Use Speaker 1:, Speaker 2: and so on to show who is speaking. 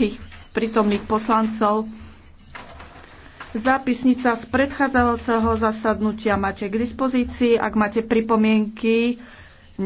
Speaker 1: všetkých prítomných poslancov. Zápisnica z predchádzajúceho zasadnutia máte k dispozícii. Ak máte pripomienky,